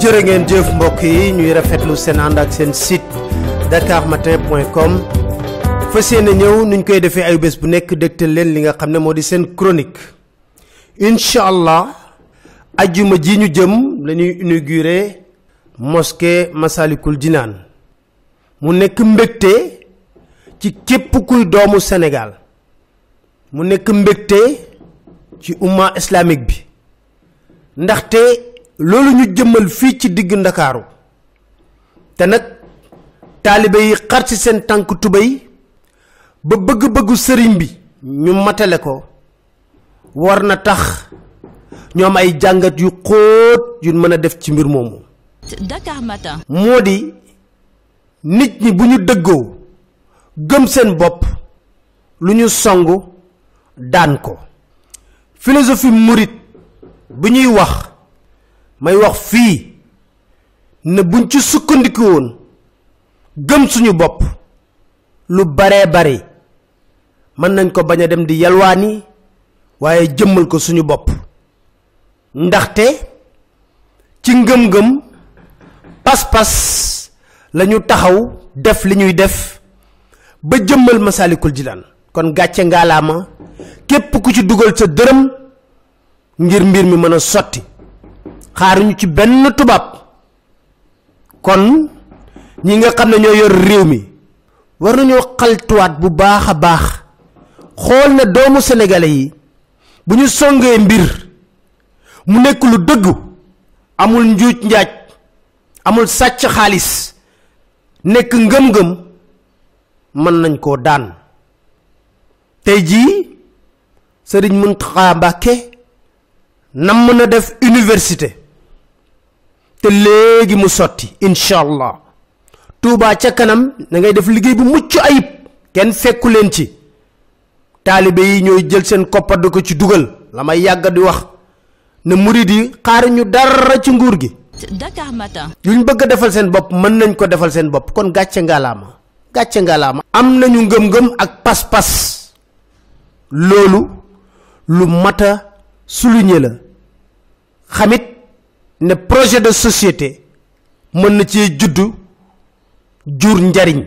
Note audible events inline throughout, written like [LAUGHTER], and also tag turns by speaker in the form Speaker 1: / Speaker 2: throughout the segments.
Speaker 1: jërë ngeen jëf mbokk yi ñuy rafetlu seen ànd ak seen site dakarmatin.com fas yéene ñëw nuñ koy defee ay bés bu nekk dégtal leen li nga xam modi moo seen chronique inshallah allah ajjuma ji ñu jëm lañuy inaugurer mosquée masalikul Jinaan mu nekk mbekté ci képp kuy doomu Sénégal mu nekk mbekté ci umma islamique bi ndaxte loolu ñu jëmmal fii ci digg ndakaaru te nag taalibe yi xar ci seen tànk tubéy ba bëgg-bëggu sëriñ bi ñu matale ko war na tax ñoom ay jàngat yu xóot yu mën a def ci mbir moomu
Speaker 2: Dakar Matin
Speaker 1: moo di nit ñi bu ñu dëggoo gëm seen bopp lu ñu song daan ko philosophie murit bu ñuy wax may wax fii ne buñ ci sukkandiku woon gëm suñu bopp lu bare bare man nañ ko baña dem di yalwaani waaye jëmmal ko suñu bopp ndaxte ci ngëm-ngëm pas-pas lañu taxaw def li ñuy def ba jëmmal masalikul jilan kon gàcce ngaalaama képp ku ci dugal sa dërëm ngir mbir mi mën a sotti xaaruñu ci benn tubaab kon ñi nga xam ne ñoo yor réew mi war nañoo xaltuwaat bu baax a baax xool na doomu sénégalais yi bu ñu songee mbir mu nekk lu dëgg amul njuuj njaaj amul sàcc xaalis nekk ngëm-ngëm mën nañ koo daan tey jii sëriñ muntaxa mbàkke nam na def université te legi mu soti inshallah allah ca kanam da ngay def liggéey bu muccu ayib ken fekku len ci talibe yi ñoy jël sen koppar di ko ci duggal la yag di wax ne mouride yi xaar ñu dara ci nguur gi
Speaker 2: Dakar matin
Speaker 1: duñ bëgg defal sen bop mën nañ ko defal sen bop kon gàcce ngalama gàcce ngalama am nañu ngëm-ngëm ak pas-pas lumata lu mata suluñe la xamit ne projet de société mën na ci juddu jur njariñ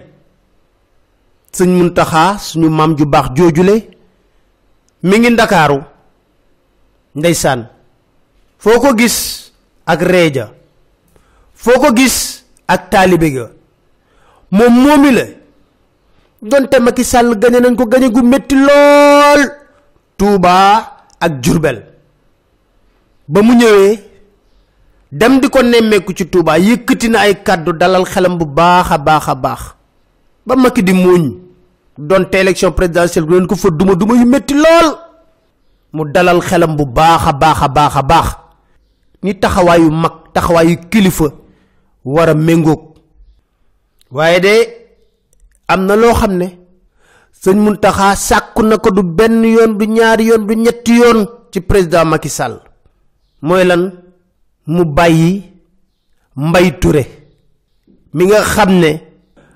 Speaker 1: sëñ muntaxa suñu mam ju baax fokogis mi ngi dakaru ndaysan foko gis ak reja foko gis ak talibé ga mom momi la donte Macky Sall nañ ko gu metti lol Touba ak Jurbel ba mu ñëwé dem diko ko ci Touba yekati na ay dalal xelam bu baakha baakha baax ba Macky di don donte élection présidentielle gën ko fa duma duma yu metti lol mu dalal xelam bu baakha baakha baakha baax ni taxawaayu mak kilifa war mengok waye de amna lo xamne xam ne sakku nako du ben yoon du ñaar yoon du ñetti yoon ci président Macky Sall moy lan mu bayyi mbay touré mi nga xamné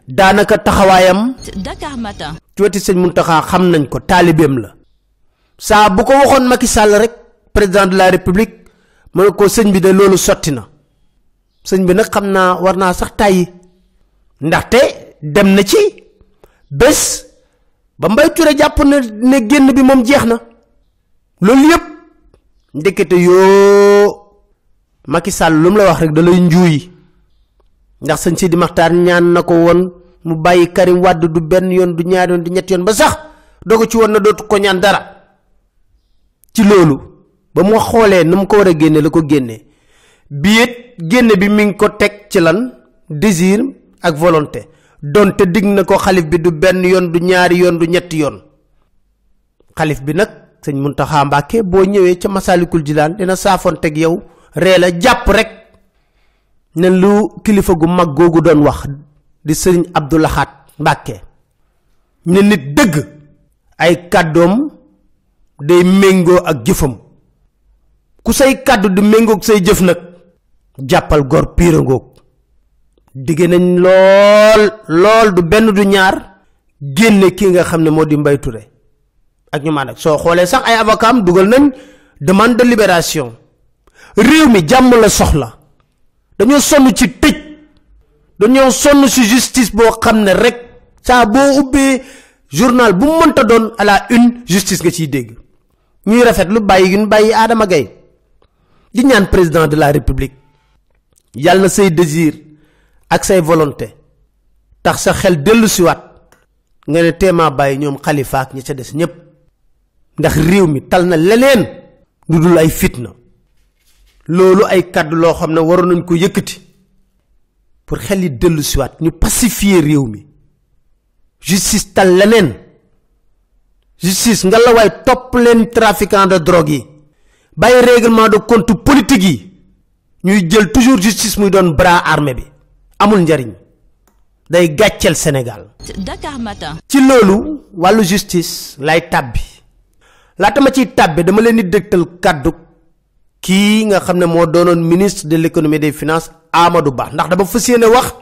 Speaker 1: danaka taxawayam
Speaker 2: dakar matin
Speaker 1: cioti seigne muntaha xam nañ ko talibem la sa bu ko waxon Macky Sall rek président de la république mëna ko seigne bi de lolu sotina seigne bi nak xamna warna sax ndax té dem na ci bes ba mbay touré japp na ne genn bi mom jeexna lolu yep ndekete yo Macky Sall lum la wax rek da lay njuuy ndax señ Sidi Makhtar ñaan nako won mu bayyi Karim Wad du ben yoon du ñaar yoon du ñett yoon ba sax dogo ci won na dootu ko ñaan dara ci loolu ba mu xoolee nu mu ko war a génne la ko génne biit génne bi mi ko ci lan désir ak volonté donte dig na ko bi du benn yoon du ñaari yoon du ñetti yoon xalif bi nag sëñ muntaxa mbàkke boo ñëwee ca masalikul jilaan dina yow Rele japp rek ne lu kilifa gu mag gogu don wax di sëriñ khat mbàkke ne nit deug ay kaddom day mengo ak jëfam ku say du mengo ak say jëf nak jappal gor ngok digge nañ lol lol du benn du ñaar génne ki nga xamne ne mbay touré ak ñu maan ak so xolé sax ay avocat dugal nañ demande de libération réew mi le la soxla dañoo sonn ci tëj ci justice boo xam ne rek saa boo journal bu mënta à la une justice nga ciy dégg ñuy rafet lu bàyyi ñu di ñaan président de la république yàlla na say désir ak say volonté tax sa xel dellu nga ne bàyyi ñoom ñi des ndax leneen fitna loolu ay kàddu loo xam ne waroon nañ ko yëkkati pour xel yi dellu siwaat ñu pacifier réew mi justice tal leneen justice ngelawaay topp leen trafiquant de drogue yi bàyyi règlement de compte politique yi ñuy jël toujours justice muy doon bras armé bi amul njariñ day gàcceel Sénégal.
Speaker 2: Dakar Matin.
Speaker 1: ci loolu wàllu justice lay tàbbi laata ma ciy tàbbi dama leen di dëgtal kàddu Qui nga xamne mo ministre de l'économie et des finances Amadou Ba ndax dama fassiyene 94 wax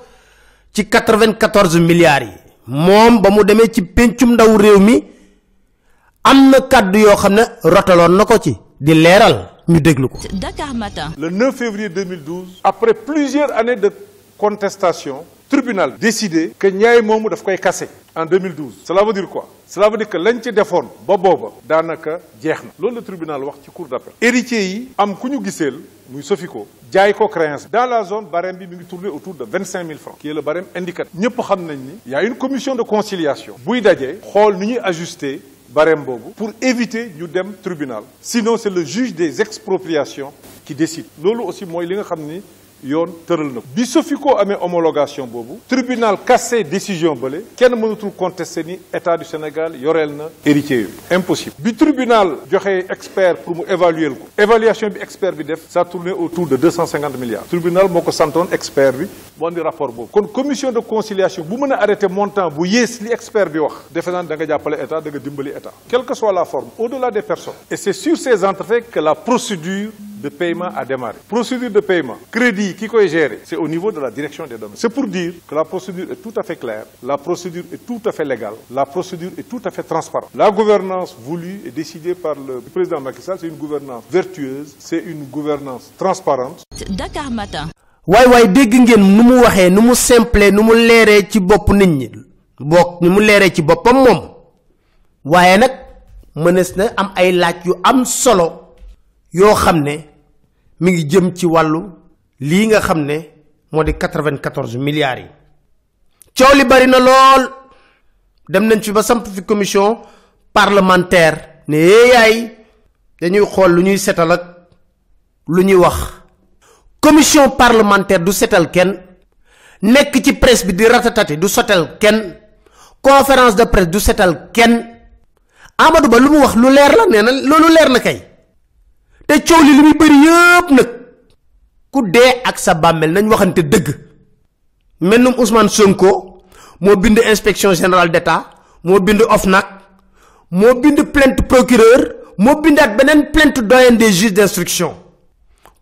Speaker 1: ci 94 milliards yi moom ba mu ci pencum ndaw cadre mi am na kàddu yoo xam ne ci di
Speaker 3: leral
Speaker 2: ñu ko. Dakar Matin.
Speaker 3: le 9 février 2012. après plusieurs années de contestation tribunal décidé que ñaay moomu daf koy cassé en 2012 cela veut dire quoi cela veut dire que lañ ci defoon ba booba daanaka jeex na loolu tribunal wax ci cour d'appel héritier yi am kuñu gissel muy Sofico jaay ko créance dans la zone barème bi mi tourner autour de 25 000 francs qui est le barème indicatif ne xam nañ ni y a une commission de conciliation buy dajé xol nu ñuy ajuster barème bobu pour éviter ñu dem tribunal sinon c'est le juge des expropriations qui décide loolu aussi moy li nga xam ni yoon tëral na ko bi Sofico amee homologation boobu tribunal cassé décision bële kenn mënatul contester ni état du Sénégal yoreel héritier impossible bi tribunal joxe expert pour évaluer ko évaluation bi expert bi ça autour de 250 milliards tribunal moo ko expert bi bon rapport commission de conciliation bu montant bu li expert bi wax da état quelle que soit la forme au-delà des personnes et c'est sur ces entrées que la procédure de paiement a démarré. Procédure de paiement, crédit qui est géré, c'est au niveau de la direction des domaines. C'est pour dire que la procédure est tout à fait claire, la procédure est tout à fait légale, la procédure est tout à fait transparente. La gouvernance voulue et décidée par le président Macky Sall, c'est une gouvernance vertueuse, c'est une gouvernance transparente.
Speaker 2: Dakar Matin.
Speaker 3: way way deg ngeen
Speaker 1: nu mu waxe nu mu simple nu mu leeree ci bop nit ñi bok nu mu ci bopam mom waye nak menes na am ay laaj yu am solo Yo xamne ne mi ngi jëm ci walu li nga xamne ne 94 milliards yi ciow li bari na lol dem nañ ci ba samp fi commission parlementaire ne yaay dañuy xol lu ñuy sétal ak lu ñuy wax commission parlementaire du setal ken presse bi conférence de presse du setal ken Amadou Ba lu mu wax lu la na kay ku ak sa nañ Ousmane Sonko bind inspection générale d'État mo bind ofnak mo bind plainte procureur mo bindat benen plainte des juges d'instruction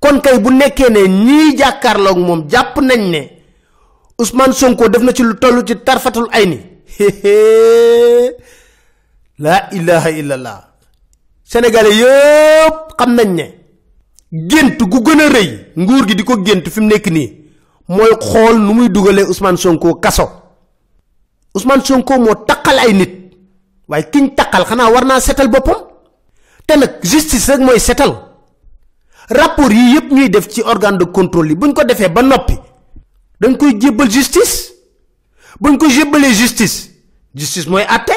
Speaker 1: kon kay bu nekkee ne ñii jàkkaarloog moom jàpp nañ ne ousmane sonko def na ci lu tollu ci tarfatul ayni la ilaha illallah sénégalais yépp xam nañ ne gént gu gën a rëy nguur gi di ko gént fi mu nekk nii mooy xool nu muy dugalee ousmane sonko kaso ousmane sonko moo takal ay nit waaye kiñ taqal xanaa war naa setal boppam te nag justice rek mooy setal rapport yi yëpp ñuy def ci organe de contrôle yi bu ko defee ba noppi dañ koy jébbal justice buñ ko jébbalee justice justice mooy atté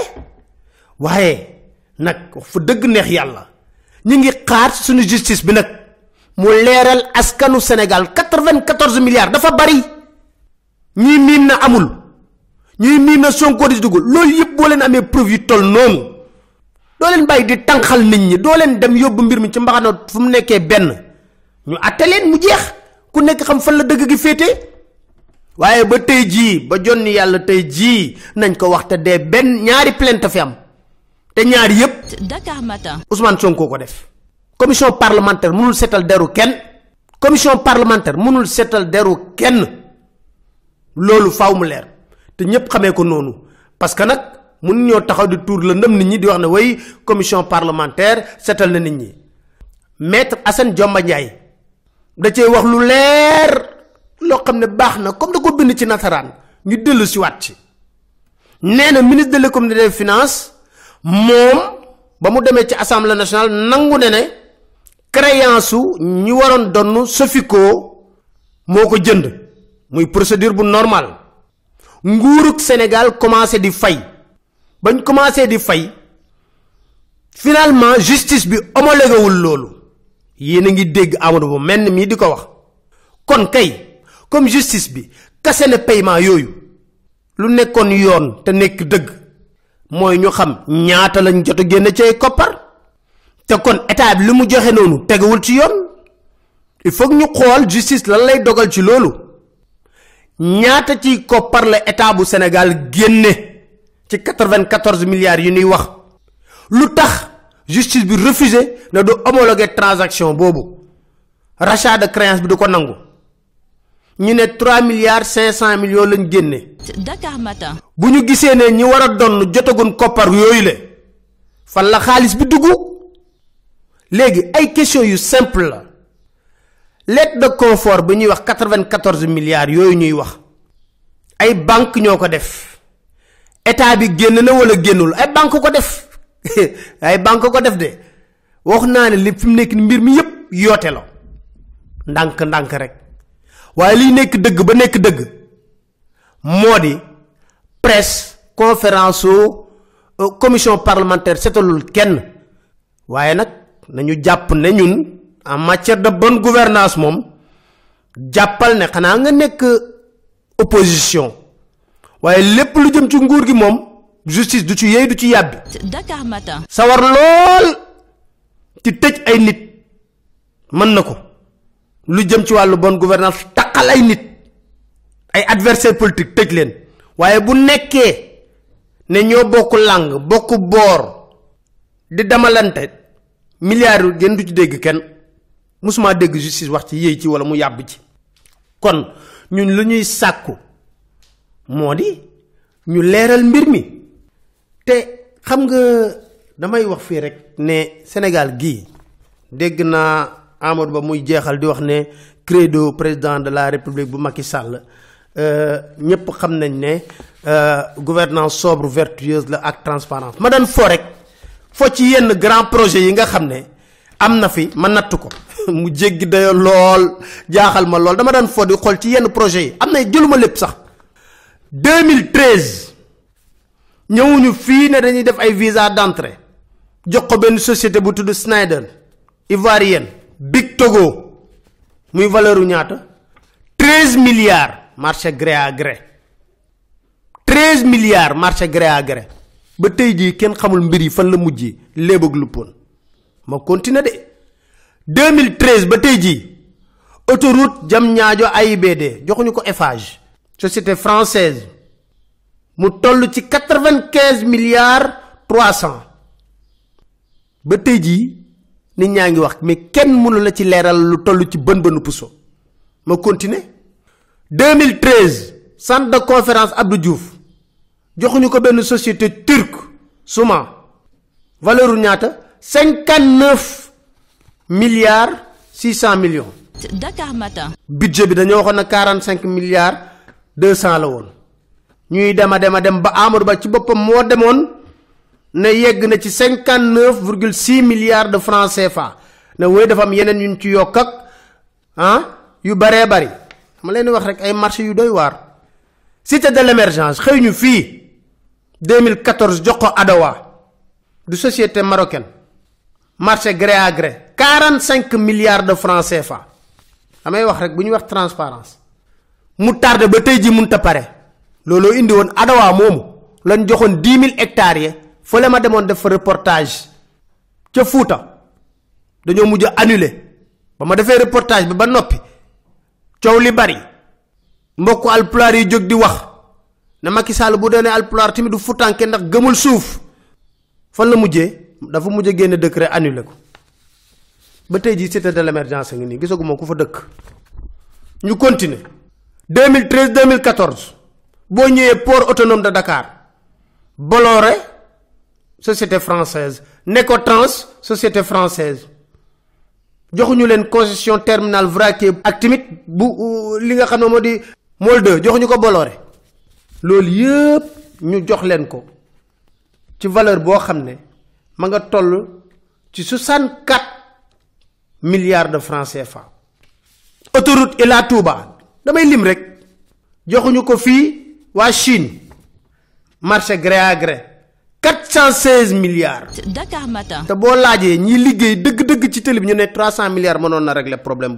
Speaker 1: waaye nag wax fa dëgg neex yàlla ñu ngi xaar suñu justice bi nag mu leeral askanu Sénégal 94 milliards dafa bari ñuy miin na amul ñuy miin na Sonko di dugg loolu yëpp boo leen amee preuve yu toll noonu doo leen bàyyi di tànqal nit ñi doo leen dem yóbbu mbir mi ci mbaxana fu mu nekkee benn ñu àtte leen mu jeex ku nekk xam fan la dëgg gi féete waaye ba tey jii ba ni yàlla tey jii nañ ko wax te dee benn ñaari plainte fi am te ñaari yëpp.
Speaker 2: Dakar Matin.
Speaker 1: Ousmane Sonko ko def. commission parlementaire mënul seetal deru kenn. commission parlementaire mënul seetal deru kenn loolu faw mu leer te ñëpp xamee ko noonu parce que nag mun ñoo taxaw di tuur la ndëm nit ñi di wax ne way commission parlementaire seetal na nit ñi maître Assane Diomba Ndiaye. da cee wax lu leer loo xam ne baax na comme da ko bind ci nasaraan ñu dellu si waat ci nee na ministre de l'économie des finance moom ba mu demee ci assemblée nationale nangu ne ne créance su ñi waroon donn Sofico moo ko jënd muy procédure bu normal nguurug Sénégal commencé di fay bañ commencé di fay finalement justice bi homologué wul loolu yéen a ngi dégg Amadou Ba mel mii di ko wax kon kay comme justice bi kase na paiement yooyu lu nekkoon yoon te nekk dëgg mooy ñu xam ñaata lañ jot a génn cay koppar te kon état bi lu mu joxe noonu tegewul ci yoon il faut ñu xool justice lan lay dogal ci loolu ñaata ci koppar la état bu Sénégal génne ci quatre-vingt-quatorze milliards yu ñuy wax lu tax. justice bi refusé na do homologuer transaction bobu rachat de créance bi du ko nangu ñu né 3 milliards 500 millions lañu génné
Speaker 2: Dakar Matin.
Speaker 1: buñu ñu né ñi wara a donn jotagun koppar yooyu la fan la xaalis bi duggu légui ay question yu simple la lettre de confort bi ñuy wax 94 milliards yoy ñuy wax ay banque ñoo ko def état bi génné na wala génnul ay banque ko def. [LAUGHS] ay bank ko def de wax naa ne li fim nek mbir mi yep yote lo ndank ndank rek way li nek deug ba nek deug modi presse conférence euh, commission parlementaire setalul kenn waye nak nañu japp ne ñun en matière de bonne gouvernance mom jappal ne xana nga nek opposition waye lepp lu jëm ci nguur gi mom justice du ci yey du ci yab
Speaker 2: Dakar matin
Speaker 1: sawar lol, ci tej ay nit man nako ko lu jëm ci walu bonne gouvernance takal ay nit ay adversaire politique tej len waaye bu nekké ne ño bokku lang bokku bor di damalante milliards gën du ci dégg kenn musuma dégg justice wax ci yey ci wala mu yab ci kon ñun lu ñuy sakku modi ñu léral mbir mi te xam nga damay wax fi ne Sénégal dégg Amadou Ba muy di credo président de la république bu Sall euh, xam nañ ne euh, gouvernance sobre vertueuse la ak transparence ma suis le rek grand projet yi nga xam ne am fi ko [LAUGHS] mu dayo lool ma lool dama projet 2013 ñëwuñu fii ne dañuy def ay visa d'entrée jox ko benn société bu tudd Schneider ivoirienne Big Togo muy valeur u ñaata treize milliards marché gré à gré treize milliards marché gré à gré ba tey jii kenn xamul mbir yi fan la mujjee léeb ak luppoon ma continuer de 2013 ba tey jii autoroute Diamniadio AIBD joxuñu ko Eiffage société française mu toll ci quatre-vingt-quinze milliards trois cent ba tey jii nit ñaa ngi wax mais kenn mënu la ci leeral lu toll ci bën bënu puso ma continuer 2013 centre de conférence Abdou Diouf joxuñu ko benn société turque Souman valeur u ñaata cinquante-neuf milliards six cent millions.
Speaker 2: Dakar Matin.
Speaker 1: budget bi dañoo waxoon na quarante-cinq milliards deux cent la woon. ñuy dema dema dem ba amadou ba ci boppam moo demoon ne yegg na ci 59,6 milliards de francs CFA ne woy dafa am yokak yuñ ci yokk ak ah yu bare bari ma leen wax rek ay marché yu doy waar cité de l'émergence xëy 2014 joko adawa du société marocaine marché gré à gré 45 milliards de francs CFA damay wax rek bu wax transparence mu tardé ba tey ji munta pare lolo indi won adawa momu lan joxon 10000 hectares ya fele ma demone def reportage ci fouta dañu anule, annuler bama defé reportage bi ba nopi ciow li bari mbokku al yi jog di wax na Macky Sall bu doone alpular timi du foutanke ndax gemul souf fa la mujjé dafa mujjé génn décret annuler ko ba tey ji c'était de l'emergence ngi ni gisaguma ku fa dekk ñu continuer 2013 2014 bo ñëwé port autonome de Dakar Bolloré société française Necotrans société française joxuñu une concession terminal vraquier ak bu li nga modi ko Bolloré lool yépp ñu jox len ko ci valeur bo ma nga toll ci 64 milliards de francs CFA autoroute Ila Touba damay lim rek joxuñu ko Washing, Chine marché gré à gré 416 milliards.
Speaker 2: Dakar Matin. te
Speaker 1: bo laajee ñi liggéey deug deug milliards pour na régler problème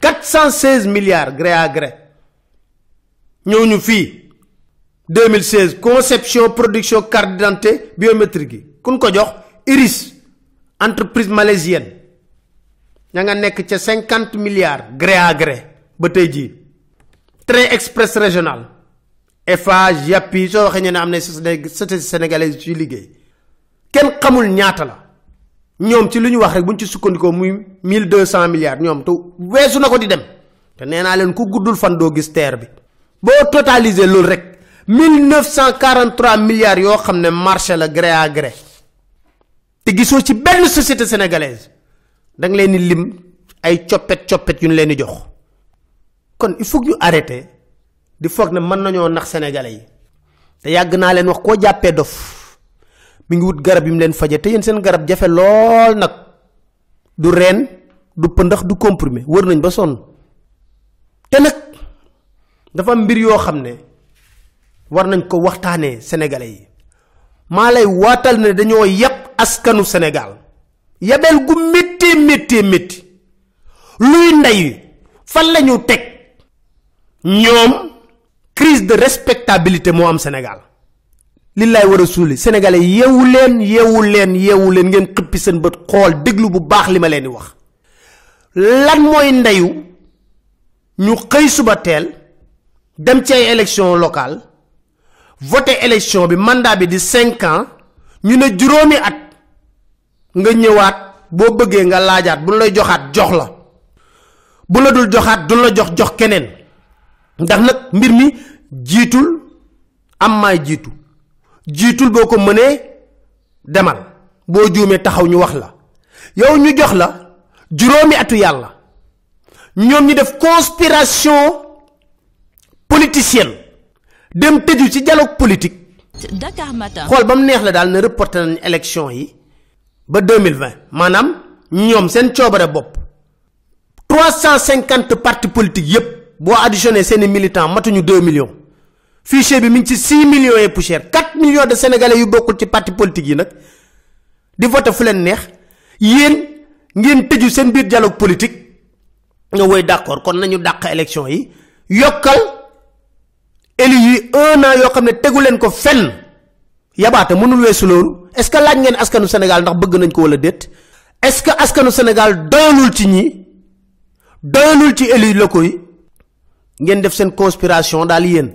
Speaker 1: 416 milliards gré à gré avons ñu en 2016 conception production carte d'identité biométrique kun ko jox Iris entreprise malaisienne Nous avons nekk 50 milliards gré à gré ba express régional. Eiffage yàppi soo waxee ñu ne am na société sénégalaise ci liggéey kenn xamul ñaata la ñoom ci lu ñu wax rek buñ ci sukkandikoo muy mille deux cent milliards ñoom te weesu na ko di dem te nee naa leen ku guddul fan doo gis terre bi. boo totaliser loolu rek mille neuf cent quarante trois milliards yoo xam ne marché la gré à gré te gisoo ci benn société sénégalaise da nga leen di lim ay coppet coppet yu ñu leen di jox kon il faut ñu arrêter. di foog ne man nañu nax sénégalais yi te yag na len wax ko jappé dof mi ngi wut garab yim len faje te garab jafé lol nak du reen du pendax du comprimé wër nañ ba son te nak dafa mbir yo xamné ne war nañ ko waxtané sénégalais yi ma lay watal ne dañu yeb askanu sénégal yabel gu metti metti metti luy ndey fan lañu tek ñom crise de respectabilité mo am sénégal lillaay war a suuli sénégalais yewu len yewu len yewu len ngeen xippi seen beut xol deglu bu baax lima len di wax lan moy ndeyu ñu xey suba tel dem ci ay élection locale voter élection bi mandat bi di 5 ans ñu ne juromi at nga ñëwaat bo bëggee nga laajaat bu lay joxaat jox la bu la dul joxaat dul la jox jox keneen ndax nak mbir mi jitul am maay jiitu jiitul boo ko demal bo juumee taxaw ñu wax la yow ñu jox la juróomi atu yalla ñom ñi def conspiration politicienne dem teju ci dialogue politique
Speaker 2: Dakar Matin xol bam
Speaker 1: neex la dal ne reporter nañ élection yi ba 2020 manam ñom s'en coobare bop 350 partis politiques yépp bo additionné seeni militants matuñu 2 millions fichier bi mi ngi ci 6 millions et poussière 4 millions de sénégalais yu bokul ci parti politique yi nak di voté fulen neex yeen ngeen tëju sen bir dialogue politique nga way d'accord kon nañu dakk élection yi yokal élu yi 1 an yo xamné ne tegu leen ko fenn yabaate mënul weesu loolu est-ce que laaj ngeen askanu Sénégal ndax bëgg nañ ko wala déet est-ce que askanu Sénégal doyalul ci ñi doyalul ci élu locaux yi ngeen def seen conspiration daal yéen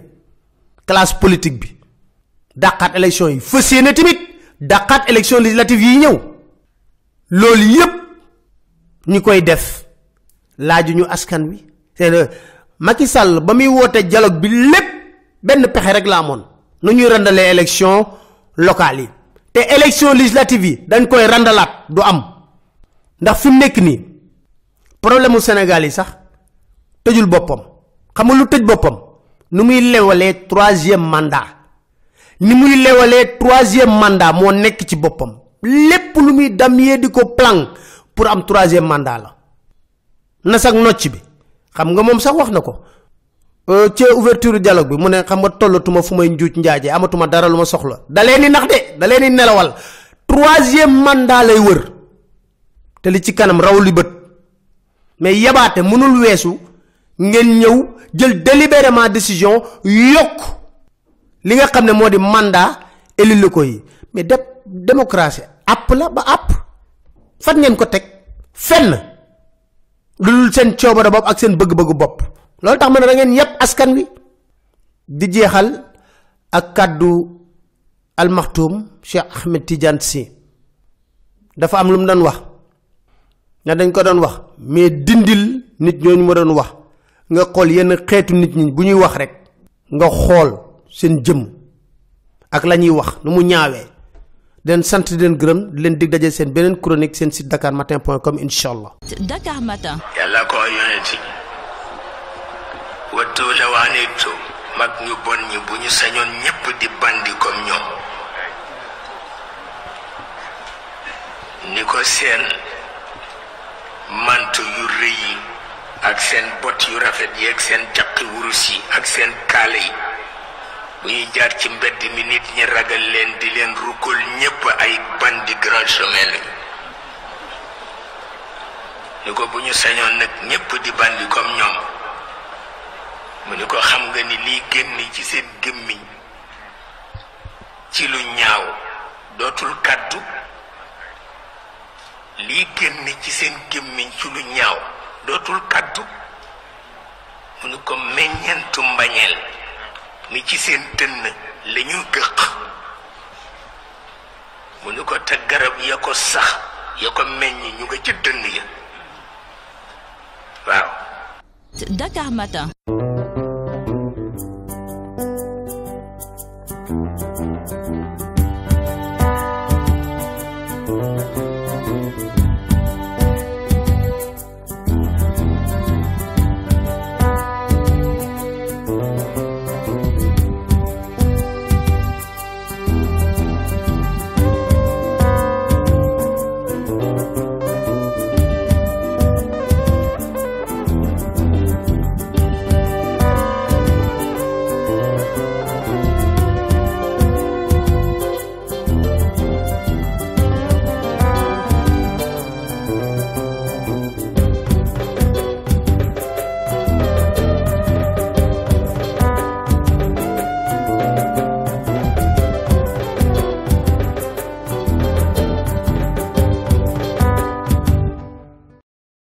Speaker 1: classe politique bi dàqaat élection yi fas timit tamit dàqaat élection législative yi ñëw loolu yépp ñi koy def laaju ñu askan wi c'est Macky Sall ba muy woote dialogue bi lépp benn pexe rek la amoon nu ñuy randalee élection locale yi te élection législative yi dañ koy randalaat du am ndax fi mu nekk nii problème mu Sénégal yi sax tëjul boppam xam nga lu tëj boppam nu muy lewalee troisième mandat ni muy lewalee troisième mandat moo nekk ci boppam lépp lu muy damyee di ko plan pour am troisième mandat la na sax nocc bi xam nga moom sax wax na ko euh, ci ouverture dialogue bi mu ne xam nga tollatuma fu may njuuj njaajee amatuma dara lu ma soxla dalee leen ni nax de da leen ni nelawal troisième mandat lay wër te li ci kanam raw li bët mais yabaate mënul weesu ngeen ñëw jël délibérément décision yok li nga xamne modi mandat élu lako yi mais de démocratie app la ba app fat ngeen ko tek fenn dulul sen ciobara bop ak sen bëgg bëgg bop lolou tax man da ngeen yeb askan di jéxal ak kaddu al maktoum cheikh ahmed tidiane si dafa am lum doon wax na dañ ko doon wax mais dindil nit ñooñu ma wax nga xol yenn xeetu nit ñi bu ñuy wax rek nga xool seen jëm ak lañuy wax nu mu ñaawee den sant den gërëm di leen dig dajé seen beneen chronique seen site dakar dakarmatin.com inshallah
Speaker 2: dakar matin yalla ko yonenti wattu la wanitu
Speaker 4: mag ñu bon ñi bu ñu sañoon ñepp di bandi comme ñoom ni ko seen mantu yu rëy ak seen bot yu rafet yi ak seen caqi wurus yi ak seen kaala yi bu ñuy jaar ci mbedd mi nit ñi ragal leen di leen rukkol ñépp ay bandi grand chemin lañu ni ko bu ñu sañoon nag ñépp di bandi comme ñoom mu ni ko xam nga ni lii génn ci seen gémmiñ ci lu ñaaw dootul kàddu lii génn ci seen gémmiñ ci lu ñaaw dootul kaddu mu ne ko meññentu mbañeel ni ci seen dënn lañuy ñu mu ne ko te garab ya ko sax ya ko meññ ñu nga ci dënn ya waaw
Speaker 2: Dakar Matin